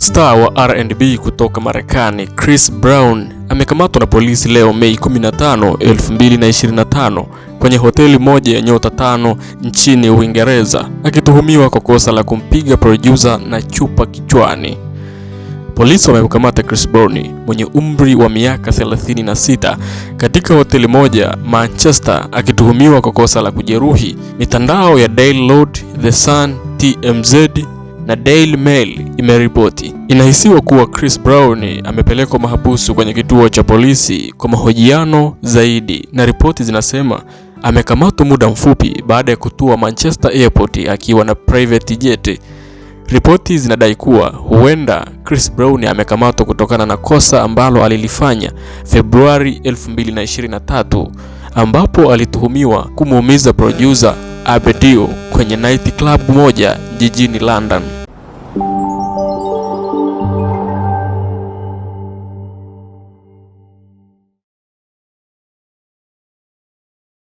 Star wa R&B kutoka Marekani Chris Brown amekamatwa na polisi leo Mei 15, 2025 kwenye hoteli moja ya nyota tano nchini Uingereza akituhumiwa kwa kosa la kumpiga producer na chupa kichwani. Polisi wamemkamata Chris Brown mwenye umri wa miaka 36 katika hoteli moja Manchester akituhumiwa kwa kosa la kujeruhi. Mitandao ya Daily Load, The Sun, TMZ na Daily Mail imeripoti. Inahisiwa kuwa Chris Brown amepelekwa mahabusu kwenye kituo cha polisi kwa mahojiano zaidi, na ripoti zinasema amekamatwa muda mfupi baada ya kutua Manchester Airport akiwa na private jet. Ripoti zinadai kuwa huenda Chris Brown amekamatwa kutokana na kosa ambalo alilifanya Februari 2023 ambapo alituhumiwa kumuumiza producer Abedio kwenye night club moja jijini London.